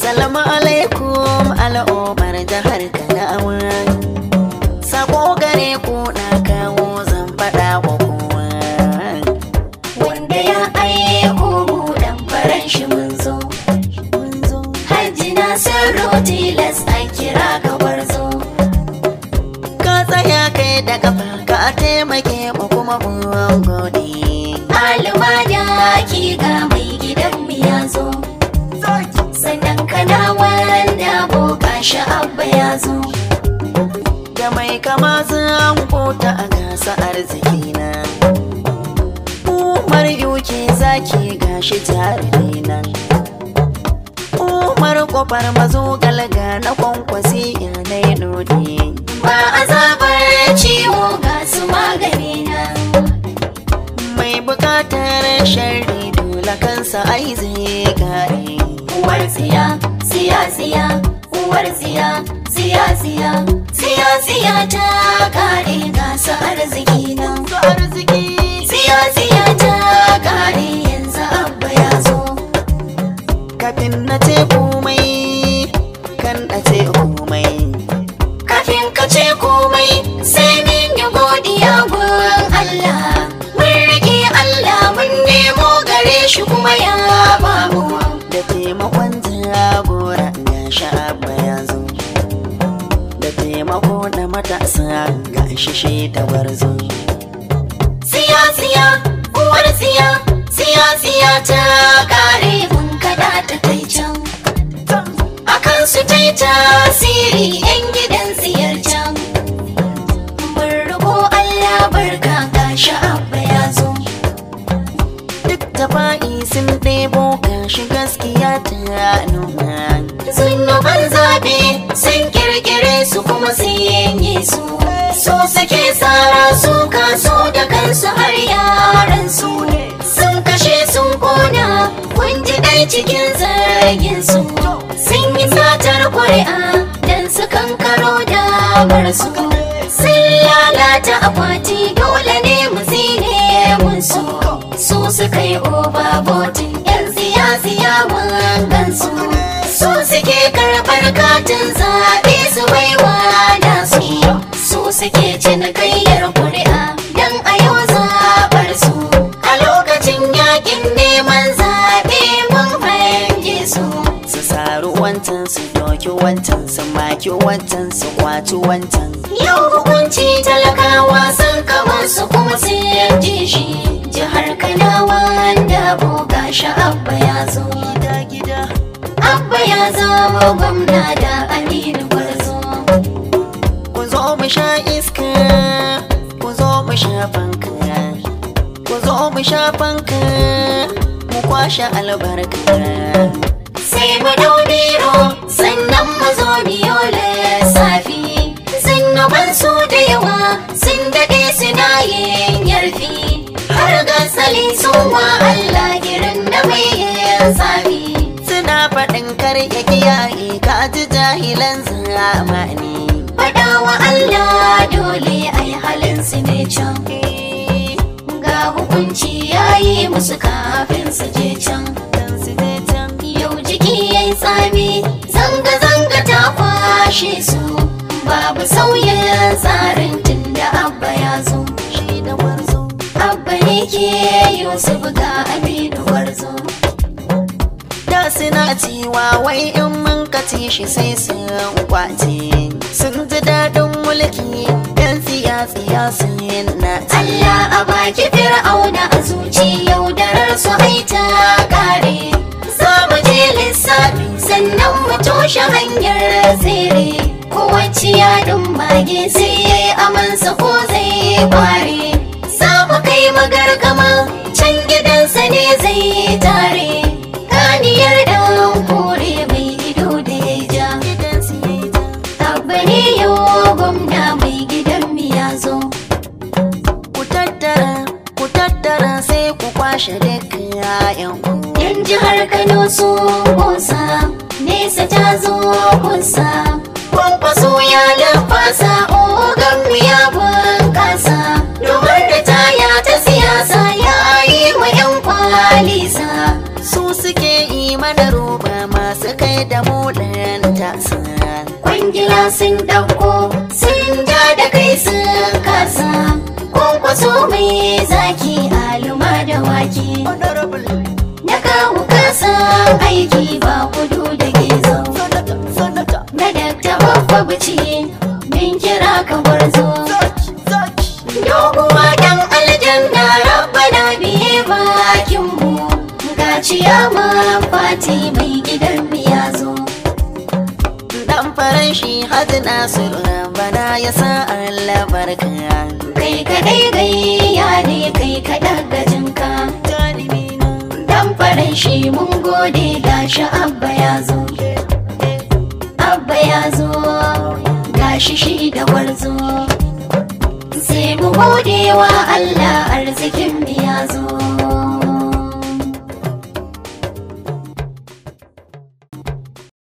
Salamu alaikum al'ummar jihar Kanawa. Sako gare ku na kawo zan faɗa wa kowa. Wanda ya aiko dan faran shi mun zo. Hajji tilas a kira ka warzo. Ka tsaya kai da kafa ka taimake sannan kana wanda boka Abba ya zo da mai kama zan kota a gasa arziki na umar yuke zaki gashi tare na? umar kofar mazo galga na kwankwasi yanayi nodi ba azabar ciwo ga su magani na mai bukatar sharri dole kansa aizi uwar siya siya siya uwar siya siya siya siya siya ta kare ga su arziki nan su arziki siya siya ta kare yanzu abba ya zo kafin na ce komai kan na ce komai kafin ka ce komai sai min yi godiya gun Allah mun riƙe Allah mun nemo gare shi kuma ya shi ta warzo. Siya siya uwar siya siya siya ta kare mun kada ta kai can. Akan su ta tasiri yan gidan siyar can. Mun rubo Allah barka ga Abba ya zo. Duk fa'i sun ɗebo gashi gaskiya ta nuna. su kuma sun yi su so suke tsara su kaso da kansu har yaran su sun kashe sun kona kun ji dai cikin zargin su sun yi satar ƙuri'a dan su kankaro damar su sun lalata akwati dole ne mu zine mun su su suka yi oba botin yan siya siya mun gansu su suke karɓar katin zai suke cinikayyar kuri'a don a yau zaɓar su a lokacin yakin neman zaɓe mun fahimci su su sari wancan su doki wancan su maki wancan su kwaci wancan yau hukunci talakawa san kamar su kuma su yanke shi jihar kanawa da boga Abba ya zo gida abba ya zama gwamna da mu sha iska ku zo mu sha fanka ku zo mu sha fanka mu kwashe albarka sai mu dau biro sannan mu zo biyo lissafi ban su da yawa sun daɗe suna yin yarfi har gasali ma Allah girin da mai sami suna faɗin kar ya kiyaye ka ji jahilan zamani Faɗawa Allah dole ai halin su ne can. Ga hukunci yayi musu kafin su je can. Yau jiki yayi tsami zanga-zanga ta kwashe su. Babu sauyin tsarin tunda Abba ya zo. Abba ne ke Yusuf ga Aminu Warzo. Da suna cewa wai in mun kati shi sai sun kwace. sun ji daɗin mulki yan tsiya-tsiya sun yi na Allah a baki fir'auna a zuci yaudarar su haita kare za mu je lissafi sannan mu toshe hanyar tsere kowace yadin mage sai ya yi amansa ko zai kware za mu kai magargama can gidansa ne zai tare Yan jihar Kano su kusa, nesa ta zo kusa. Kwakwaso ya lafasa, ogan ya bunkasa. Domin da taya ta siyasa ya yi wa 'yan kwalisa. Su suke imana roba masu kai da mulan tasa. Kwangila sun dauko, sun ja da kai sun kasa. Kwakwaso mai za aiki ba kudu da gizo da dakta babba bici min kira ka gwarzo doguwa dan aljanna rabba na biye bakin mu ga fati mai gidan mu dan faran shi hadu nasiru ya sa Allah barka kai kadai gayya godewa Allah arzikin ya zo